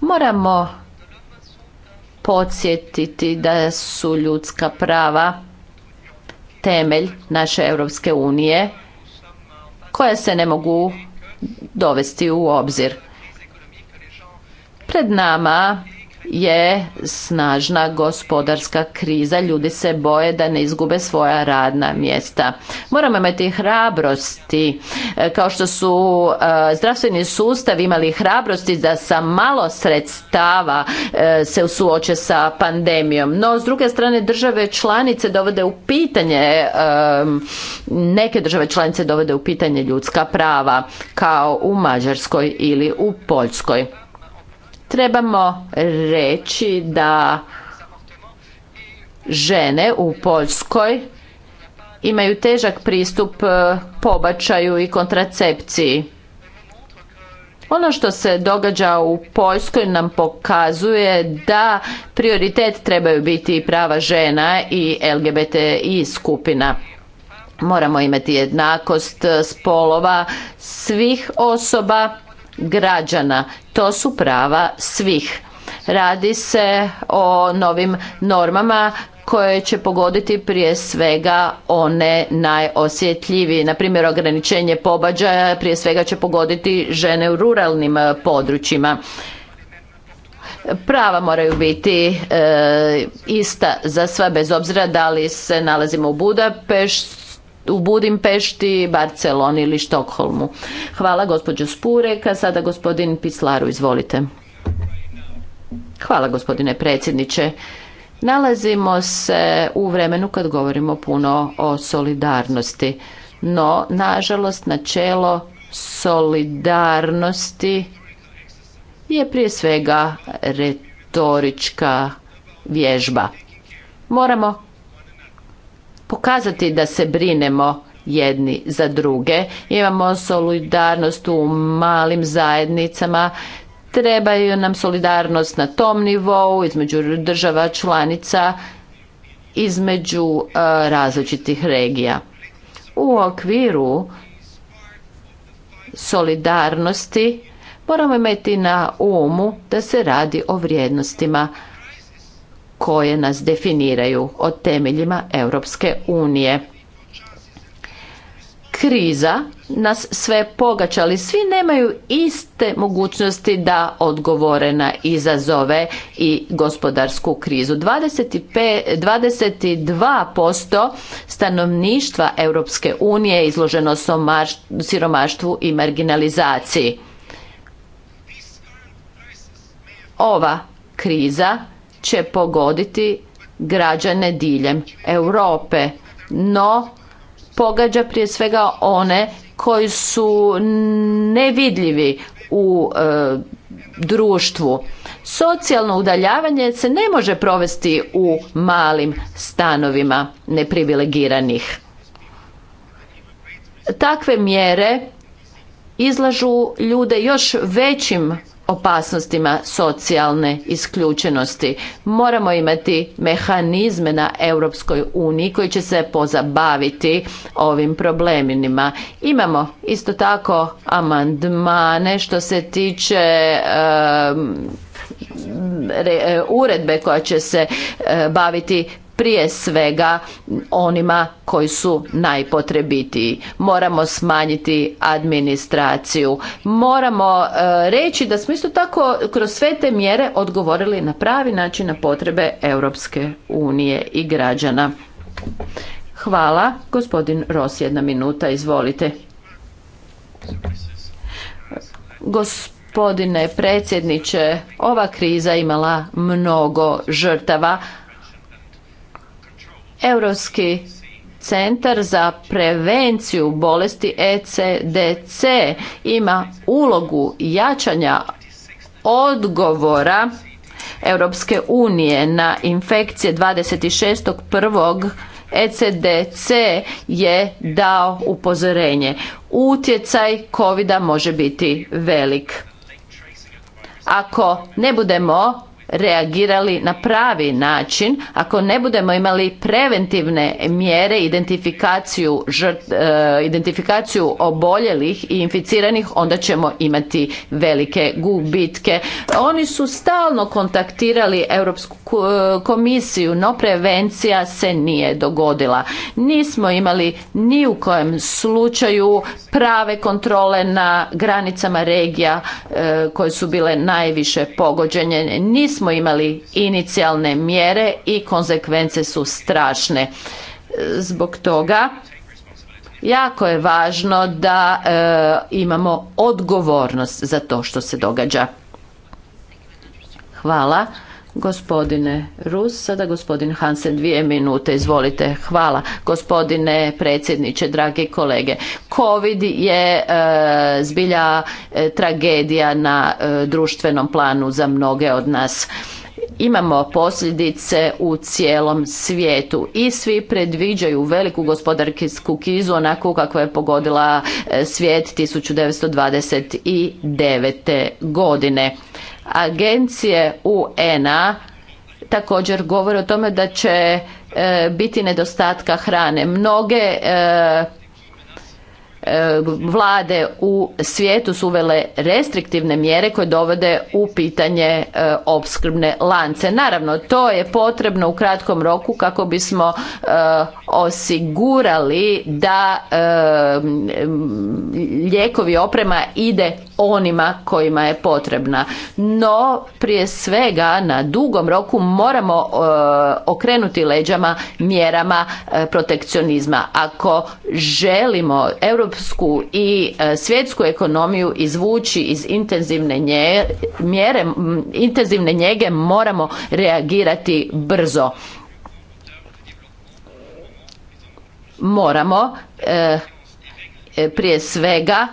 Moramo podsjetiti da su ljudska prava temelj naše Europske unije koja se ne mogu dovesti u obzir. Pred nama je snažna gospodarska kriza. Ljudi se boje da ne izgube svoja radna mjesta. Moramo imati hrabrosti, e, kao što su e, zdravstveni sustav imali hrabrosti da sa malo sredstava e, se suoče sa pandemijom. No, s druge strane, države članice dovode u pitanje, neke države članice dovode u pitanje ljudska prava, kao u Mađarskoj ili u Poljskoj. Trebamo reći da žene u Poljskoj imaju težak pristup e, pobačaju i kontracepciji. Ono što se događa u Poljskoj nam pokazuje da prioritet trebaju biti i prava žena i LGBTI skupina. Moramo imati jednakost spolova svih osoba građana. To su prava svih. Radi se o novim normama koje će pogoditi prije svega one najosjetljivije. Na primjer, ograničenje pobađaja prije svega će pogoditi žene u ruralnim e, područjima. Prava moraju biti e, ista za sve bez obzira da li se nalazimo u Budapeštu u Budimpešti, Barceloni ili Štokholmu. Hvala gospođo Spurek, a sada gospodin Pislaru, izvolite. Hvala gospodine predsjedniče. Nalazimo se u vremenu kad govorimo puno o solidarnosti, no nažalost načelo solidarnosti je prije svega retorička vježba. Moramo pokazati da se brinemo jedni za druge. Imamo solidarnost u malim zajednicama, trebaju nam solidarnost na tom nivou, između država članica, između e, različitih regija. U okviru solidarnosti moramo imati na umu da se radi o vrijednostima koje nas definiraju o temeljima Europske unije. Kriza nas sve pogača, ali svi nemaju iste mogućnosti da odgovore na izazove i gospodarsku krizu. 25, 22% stanovništva Europske unije je izloženo siromaštvu i marginalizaciji. Ova kriza će pogoditi građane diljem Europe, no pogađa prije svega one koji su nevidljivi u e, društvu. Socijalno udaljavanje se ne može provesti u malim stanovima neprivilegiranih. Takve mjere izlažu ljude još većim opasnostima socijalne isključenosti. Moramo imati mehanizme na Europskoj uniji koji će se pozabaviti ovim problemima. Imamo isto tako amandmane što se tiče uredbe koja će se e, baviti prije svega onima koji su najpotrebitiji. Moramo smanjiti administraciju. Moramo e, reći da smo isto tako kroz sve te mjere odgovorili na pravi način na potrebe Europske unije i građana. Hvala. Gospodin Ros, jedna minuta, izvolite. Gospodine predsjedniče, ova kriza imala mnogo žrtava, Europski Centar za prevenciju bolesti ECDC ima ulogu jačanja odgovora Europske unije na infekcije 26.1. ECDC je dao upozorenje. Utjecaj covid može biti velik. Ako ne budemo reagirali na pravi način, ako ne budemo imali preventivne mjere, identifikaciju, žrt, e, identifikaciju oboljelih i inficiranih, onda ćemo imati velike gubitke. Oni su stalno kontaktirali Europsku e, komisiju, no prevencija se nije dogodila. Nismo imali ni u kojem slučaju prave kontrole na granicama regija e, koje su bile najviše pogođene. Nismo nismo imali inicijalne mjere i konsekvence su strašne. E, zbog toga jako je važno da e, imamo odgovornost za to što se događa. Hvala. Gospodine Rus, sada gospodin Hansen, dvije minute, izvolite. Hvala, gospodine predsjedniče, dragi kolege. Covid je e, zbilja e, tragedija na e, društvenom planu za mnoge od nas imamo posljedice u cijelom svijetu i svi predviđaju veliku gospodarsku krizu onako kako je pogodila e, svijet 1929. godine. Agencije UNA također govore o tome da će e, biti nedostatka hrane. Mnoge e, E, vlade u svijetu su uvele restriktivne mjere koje dovode u pitanje e, opskrbne lance. Naravno, to je potrebno u kratkom roku kako bismo e, osigurali da lijekovi oprema ide onima kojima je potrebna. No, prije svega na dugom roku moramo okrenuti leđama mjerama protekcionizma. Ako želimo Europsku europsku i e, svjetsku ekonomiju izvući iz intenzivne nje, intenzivne njege moramo reagirati brzo. Moramo e, e, prije svega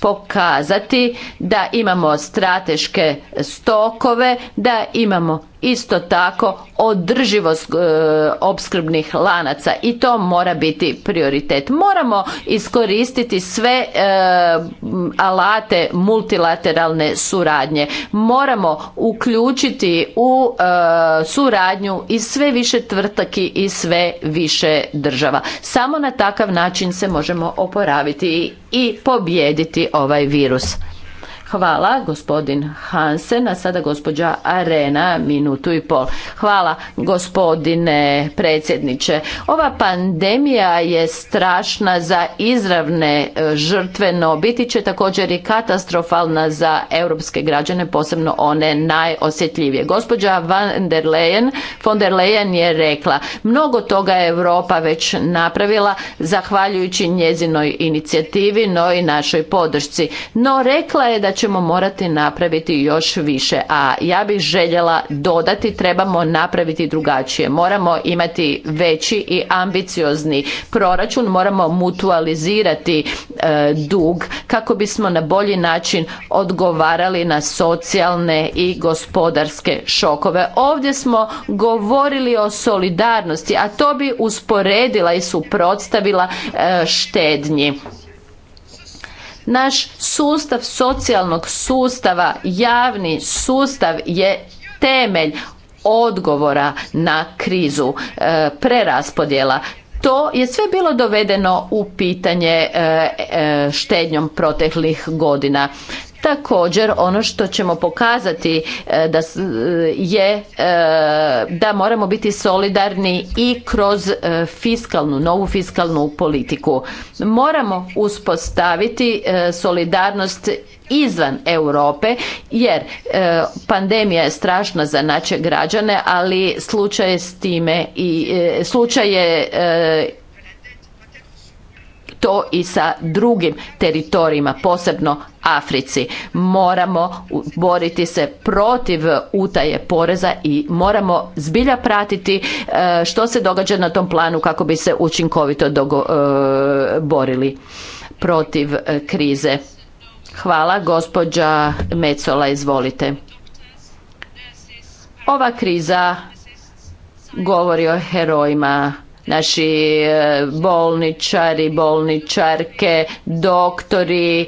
pokazati da imamo strateške stokove, da imamo isto tako održivost e, opskrbnih lanaca i to mora biti prioritet. Moramo iskoristiti sve e, alate multilateralne suradnje. Moramo uključiti u e, suradnju i sve više tvrtaki i sve više država. Samo na takav način se možemo oporaviti i pobijediti ovaj virus. Hvala gospodin Hansen, a sada gospođa Arena, minutu i pol. Hvala gospodine predsjedniče. Ova pandemija je strašna za izravne e, žrtve, no biti će također i katastrofalna za europske građane, posebno one najosjetljivije. Gospođa van der Leyen, von der Leyen je rekla, mnogo toga je Europa već napravila, zahvaljujući njezinoj inicijativi, no i našoj podršci. No rekla je da ćemo morati napraviti još više. A ja bih željela dodati, trebamo napraviti drugačije. Moramo imati veći i ambiciozni proračun, moramo mutualizirati e, dug kako bismo na bolji način odgovarali na socijalne i gospodarske šokove. Ovdje smo govorili o solidarnosti, a to bi usporedila i suprotstavila e, štednji naš sustav socijalnog sustava, javni sustav je temelj odgovora na krizu, e, preraspodjela. To je sve bilo dovedeno u pitanje e, e, štednjom proteklih godina. Također ono što ćemo pokazati e, da e, je e, da moramo biti solidarni i kroz fiskalnu, novu fiskalnu politiku. Moramo uspostaviti solidarnost izvan Europe jer pandemija je strašna za naše građane, ali slučaj je s time i slučaj je to i sa drugim teritorijima, posebno Africi. Moramo boriti se protiv utaje poreza i moramo zbilja pratiti e, što se događa na tom planu kako bi se učinkovito dogo e, borili protiv e, krize. Hvala, gospođa Mecola, izvolite. Ova kriza govori o herojima naši e, bolničari, bolničarke, doktori,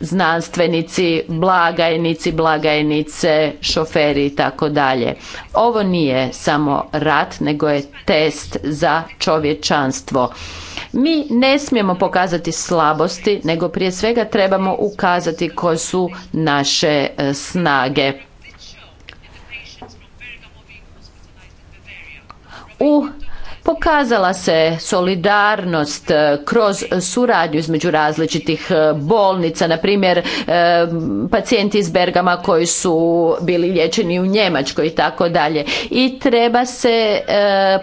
znanstvenici, blagajnici, blagajnice, šoferi i tako dalje. Ovo nije samo rat, nego je test za čovječanstvo. Mi ne smijemo pokazati slabosti, nego prije svega trebamo ukazati koje su naše e, snage u Pokazala se solidarnost e, kroz suradnju između različitih e, bolnica, na primjer e, pacijenti iz Bergama koji su bili liječeni u Njemačkoj i tako dalje. I treba se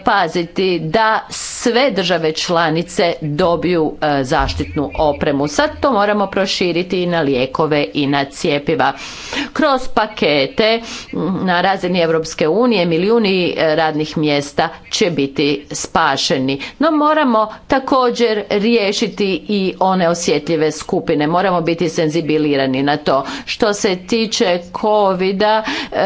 paziti da sve države članice dobiju zaštitnu opremu. Sad to moramo proširiti i na lijekove i na cijepiva. Kroz pakete na razini Europske unije milijuni radnih mjesta će biti spašeni. No moramo također riješiti i one osjetljive skupine. Moramo biti senzibilirani na to. Što se tiče covida, e,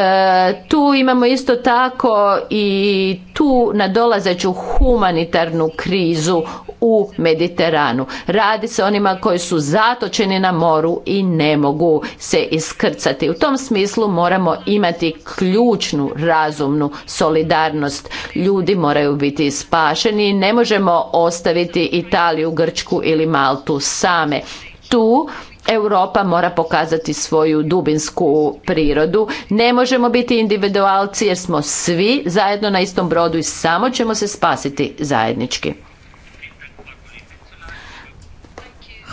tu imamo isto tako i tu nadolazeću humanitarnu krizu u Mediteranu. Radi se onima koji su zatočeni na moru i ne mogu se iskrcati. U tom smislu moramo imati ključnu razumnu solidarnost. Ljudi moraju biti spašeni, ne možemo ostaviti Italiju, Grčku ili Maltu same. Tu Europa mora pokazati svoju dubinsku prirodu. Ne možemo biti individualci jer smo svi zajedno na istom brodu i samo ćemo se spasiti zajednički.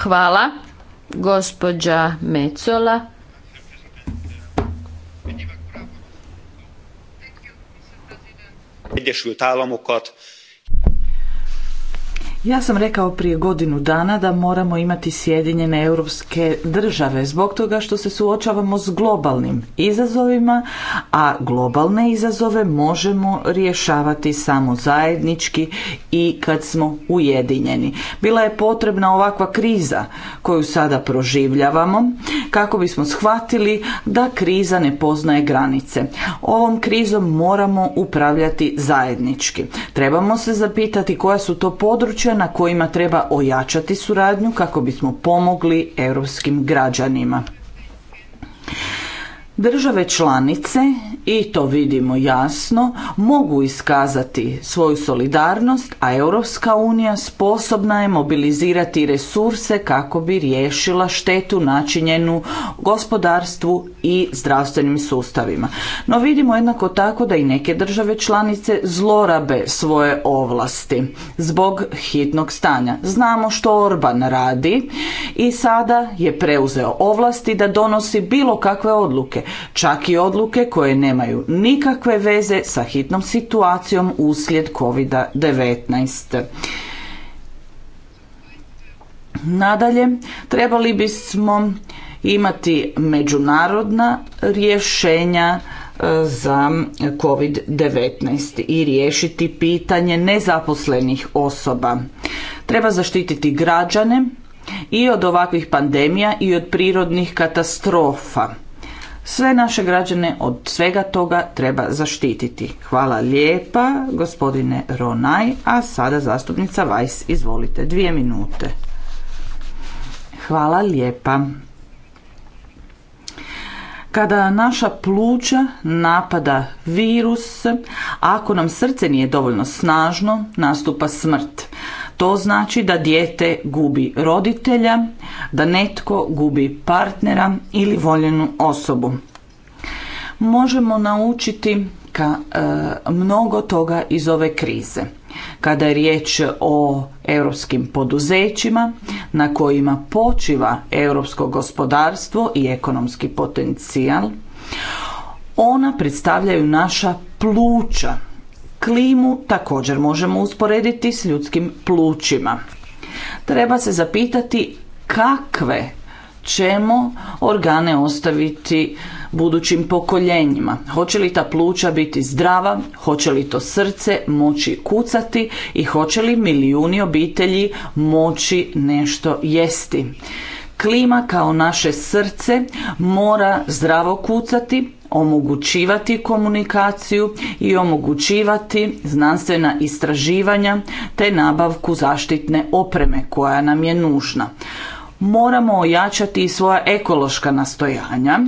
Hvala. Gospođa Mecola. egyesült államokat. Ja sam rekao prije godinu dana da moramo imati sjedinjene europske države zbog toga što se suočavamo s globalnim izazovima, a globalne izazove možemo rješavati samo zajednički i kad smo ujedinjeni. Bila je potrebna ovakva kriza koju sada proživljavamo kako bismo shvatili da kriza ne poznaje granice. Ovom krizom moramo upravljati zajednički. Trebamo se zapitati koja su to područja na kojima treba ojačati suradnju kako bismo pomogli europskim građanima. Države članice, i to vidimo jasno, mogu iskazati svoju solidarnost, a Europska unija sposobna je mobilizirati resurse kako bi riješila štetu načinjenu gospodarstvu i zdravstvenim sustavima. No vidimo jednako tako da i neke države članice zlorabe svoje ovlasti zbog hitnog stanja. Znamo što Orban radi i sada je preuzeo ovlasti da donosi bilo kakve odluke, čak i odluke koje nemaju nikakve veze sa hitnom situacijom uslijed COVID-19. Nadalje, trebali bismo imati međunarodna rješenja e, za COVID-19 i riješiti pitanje nezaposlenih osoba. Treba zaštititi građane i od ovakvih pandemija i od prirodnih katastrofa. Sve naše građane od svega toga treba zaštititi. Hvala lijepa, gospodine Ronaj, a sada zastupnica Vajs, izvolite, dvije minute. Hvala lijepa. Kada naša pluća napada virus, ako nam srce nije dovoljno snažno, nastupa smrt. To znači da dijete gubi roditelja, da netko gubi partnera ili voljenu osobu. Možemo naučiti ka, e, mnogo toga iz ove krize. Kada je riječ o europskim poduzećima na kojima počiva europsko gospodarstvo i ekonomski potencijal. Ona predstavljaju naša pluća. Klimu također možemo usporediti s ljudskim plućima. Treba se zapitati kakve ćemo organe ostaviti budućim pokoljenjima. Hoće li ta pluća biti zdrava, hoće li to srce moći kucati i hoće li milijuni obitelji moći nešto jesti. Klima kao naše srce mora zdravo kucati, omogućivati komunikaciju i omogućivati znanstvena istraživanja te nabavku zaštitne opreme koja nam je nužna moramo ojačati svoja ekološka nastojanja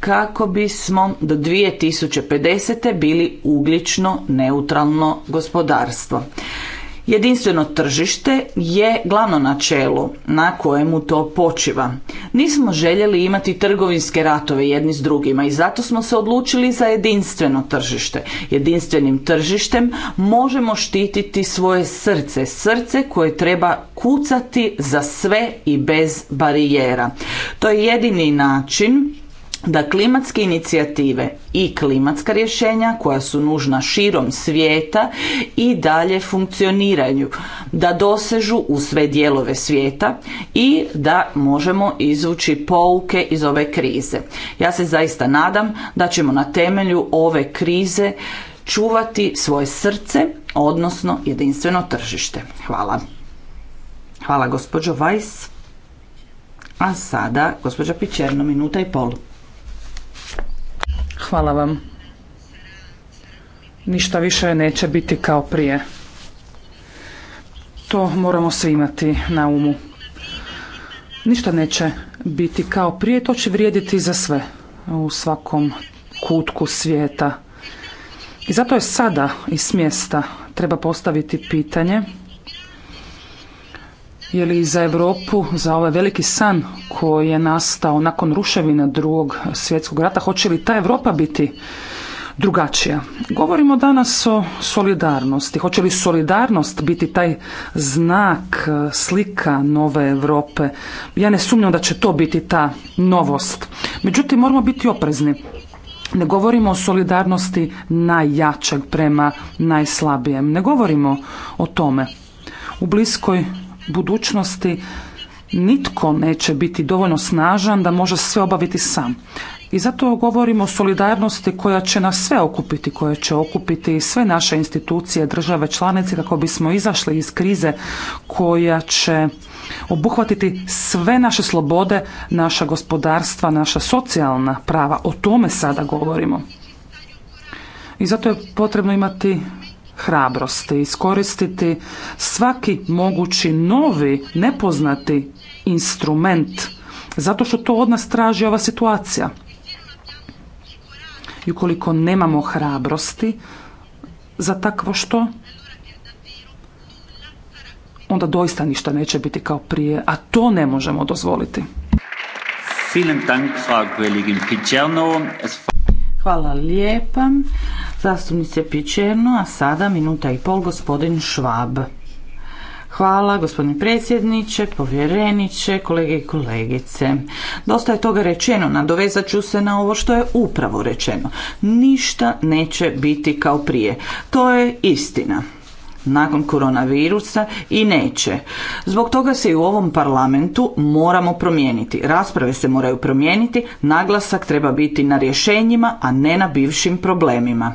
kako bismo do 2050. bili ugljično neutralno gospodarstvo. Jedinstveno tržište je glavno načelo na kojemu to počiva. Nismo željeli imati trgovinske ratove jedni s drugima i zato smo se odlučili za jedinstveno tržište. Jedinstvenim tržištem možemo štititi svoje srce, srce koje treba kucati za sve i bez barijera. To je jedini način da klimatske inicijative i klimatska rješenja koja su nužna širom svijeta i dalje funkcioniraju, da dosežu u sve dijelove svijeta i da možemo izvući pouke iz ove krize. Ja se zaista nadam da ćemo na temelju ove krize čuvati svoje srce, odnosno jedinstveno tržište. Hvala. Hvala gospođo Vajs. A sada gospođa Pičerno, minuta i pol. Hvala vam. Ništa više neće biti kao prije. To moramo svi imati na umu. Ništa neće biti kao prije, to će vrijediti za sve u svakom kutku svijeta. I zato je sada iz mjesta treba postaviti pitanje je li za Europu, za ovaj veliki san koji je nastao nakon ruševina drugog svjetskog rata, hoće li ta Europa biti drugačija? Govorimo danas o solidarnosti. Hoće li solidarnost biti taj znak, e, slika nove Europe? Ja ne sumnjam da će to biti ta novost. Međutim, moramo biti oprezni. Ne govorimo o solidarnosti najjačeg prema najslabijem. Ne govorimo o tome. U bliskoj budućnosti nitko neće biti dovoljno snažan da može sve obaviti sam. I zato govorimo o solidarnosti koja će nas sve okupiti, koja će okupiti sve naše institucije, države, članice kako bismo izašli iz krize koja će obuhvatiti sve naše slobode, naša gospodarstva, naša socijalna prava. O tome sada govorimo. I zato je potrebno imati hrabrosti, iskoristiti svaki mogući novi, nepoznati instrument, zato što to od nas traži ova situacija. I ukoliko nemamo hrabrosti za takvo što, onda doista ništa neće biti kao prije, a to ne možemo dozvoliti. Hvala lijepa zastupnice Pičerno, a sada minuta i pol gospodin Švab. Hvala gospodine predsjedniče, povjereniče, kolege i kolegice. Dosta je toga rečeno, nadovezat ću se na ovo što je upravo rečeno. Ništa neće biti kao prije. To je istina nakon koronavirusa i neće. Zbog toga se i u ovom parlamentu moramo promijeniti. Rasprave se moraju promijeniti, naglasak treba biti na rješenjima, a ne na bivšim problemima.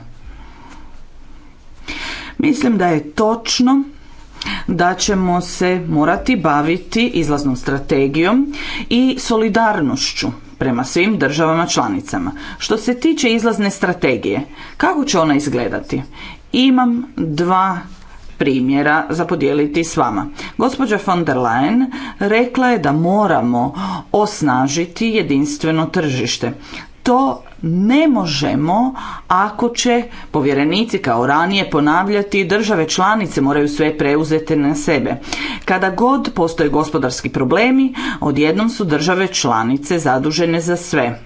Mislim da je točno da ćemo se morati baviti izlaznom strategijom i solidarnošću prema svim državama članicama. Što se tiče izlazne strategije, kako će ona izgledati? Imam dva primjera za podijeliti s vama. Gospođa von der Leyen rekla je da moramo osnažiti jedinstveno tržište to ne možemo ako će povjerenici kao ranije ponavljati države članice moraju sve preuzeti na sebe. Kada god postoje gospodarski problemi, odjednom su države članice zadužene za sve.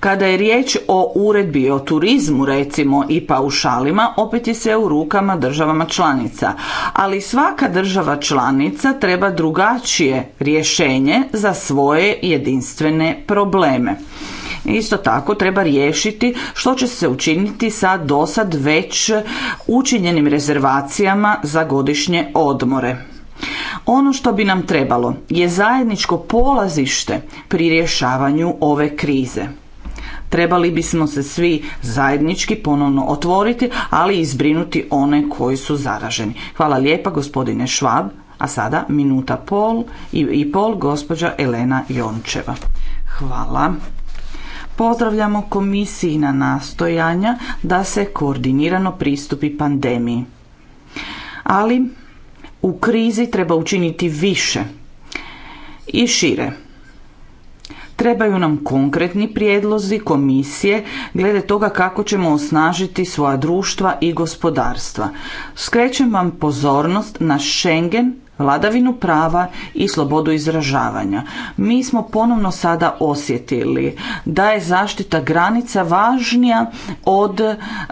Kada je riječ o uredbi o turizmu recimo i paušalima, opet je sve u rukama državama članica. Ali svaka država članica treba drugačije rješenje za svoje jedinstvene probleme. Isto tako treba riješiti što će se učiniti sa dosad već učinjenim rezervacijama za godišnje odmore. Ono što bi nam trebalo je zajedničko polazište pri rješavanju ove krize. Trebali bismo se svi zajednički ponovno otvoriti, ali i izbrinuti one koji su zaraženi. Hvala lijepa gospodine Švab, a sada minuta pol i, i pol gospođa Elena Jončeva. Hvala. Pozdravljamo komisiji na nastojanja da se koordinirano pristupi pandemiji. Ali u krizi treba učiniti više i šire. Trebaju nam konkretni prijedlozi komisije glede toga kako ćemo osnažiti svoja društva i gospodarstva. Skrećem vam pozornost na Schengen vladavinu prava i slobodu izražavanja. Mi smo ponovno sada osjetili da je zaštita granica važnija od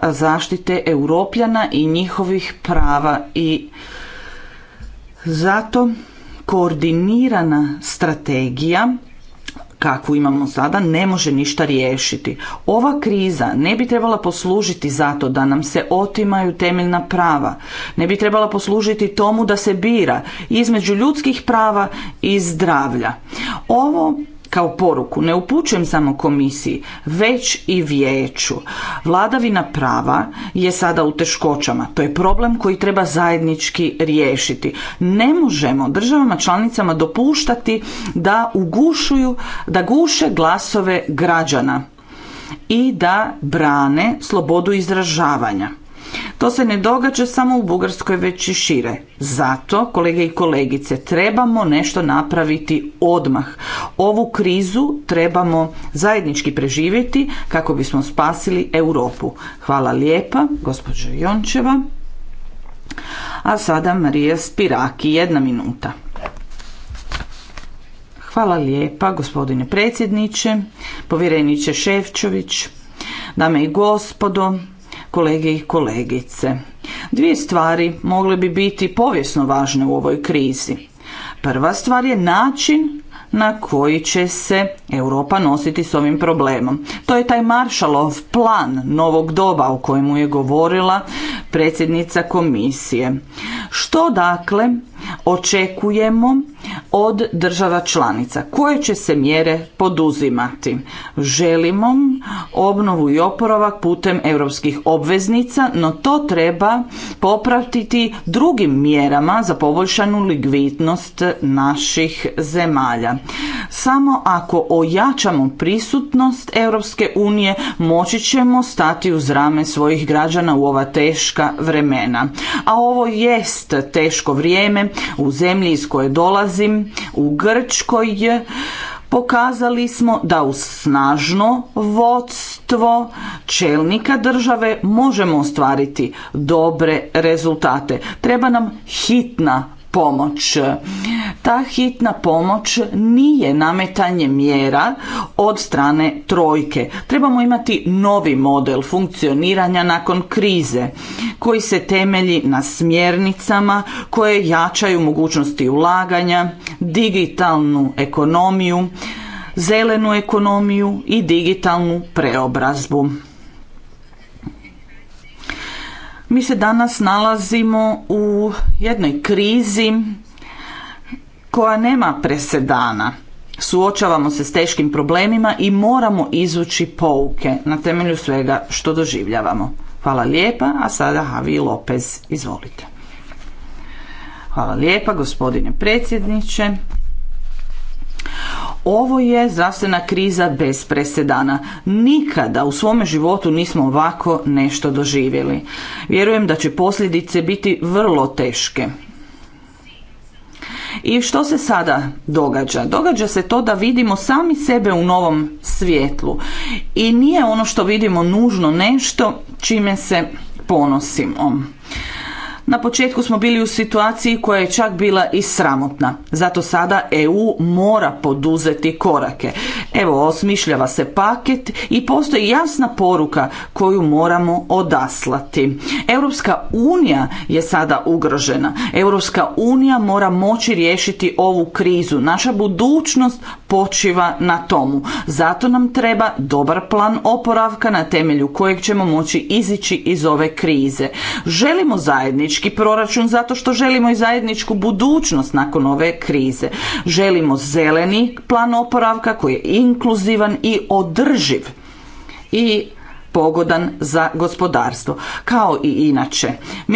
zaštite europljana i njihovih prava i zato koordinirana strategija kakvu imamo sada ne može ništa riješiti. Ova kriza ne bi trebala poslužiti zato da nam se otimaju temeljna prava, ne bi trebala poslužiti tomu da se bira između ljudskih prava i zdravlja. Ovo kao poruku ne upućujem samo komisiji, već i vijeću. Vladavina prava je sada u teškoćama. To je problem koji treba zajednički riješiti. Ne možemo državama članicama dopuštati da ugušuju, da guše glasove građana i da brane slobodu izražavanja. To se ne događa samo u Bugarskoj, već i šire. Zato, kolege i kolegice, trebamo nešto napraviti odmah. Ovu krizu trebamo zajednički preživjeti kako bismo spasili Europu. Hvala lijepa, gospođo Jončeva. A sada Marija Spiraki, jedna minuta. Hvala lijepa, gospodine predsjedniče, povjereniče Ševčović, dame i gospodo, kolege i kolegice. Dvije stvari mogle bi biti povijesno važne u ovoj krizi. Prva stvar je način na koji će se Europa nositi s ovim problemom. To je taj Maršalov plan novog doba o kojemu je govorila predsjednica komisije. Što dakle očekujemo od država članica? Koje će se mjere poduzimati? Želimo obnovu i oporavak putem europskih obveznica, no to treba popratiti drugim mjerama za poboljšanu likvidnost naših zemalja. Samo ako ojačamo prisutnost Europske unije, moći ćemo stati uz rame svojih građana u ova teška vremena. A ovo jest teško vrijeme u zemlji iz koje dolazim, u Grčkoj, pokazali smo da u snažno vodstvo čelnika države možemo ostvariti dobre rezultate. Treba nam hitna pomoć. Ta hitna pomoć nije nametanje mjera od strane trojke. Trebamo imati novi model funkcioniranja nakon krize koji se temelji na smjernicama koje jačaju mogućnosti ulaganja, digitalnu ekonomiju, zelenu ekonomiju i digitalnu preobrazbu. Mi se danas nalazimo u jednoj krizi koja nema presedana. Suočavamo se s teškim problemima i moramo izvući pouke na temelju svega što doživljavamo. Hvala lijepa, a sada Javi Lopez, izvolite. Hvala lijepa, gospodine predsjedniče. Ovo je zdravstvena kriza bez presedana. Nikada u svome životu nismo ovako nešto doživjeli. Vjerujem da će posljedice biti vrlo teške. I što se sada događa? Događa se to da vidimo sami sebe u novom svijetlu. I nije ono što vidimo nužno nešto čime se ponosimo. Na početku smo bili u situaciji koja je čak bila i sramotna. Zato sada EU mora poduzeti korake. Evo, osmišljava se paket i postoji jasna poruka koju moramo odaslati. Europska unija je sada ugrožena. Europska unija mora moći riješiti ovu krizu. Naša budućnost počiva na tomu. Zato nam treba dobar plan oporavka na temelju kojeg ćemo moći izići iz ove krize. Želimo zajednički zajednički proračun zato što želimo i zajedničku budućnost nakon ove krize. Želimo zeleni plan oporavka koji je inkluzivan i održiv i pogodan za gospodarstvo. Kao i inače, mi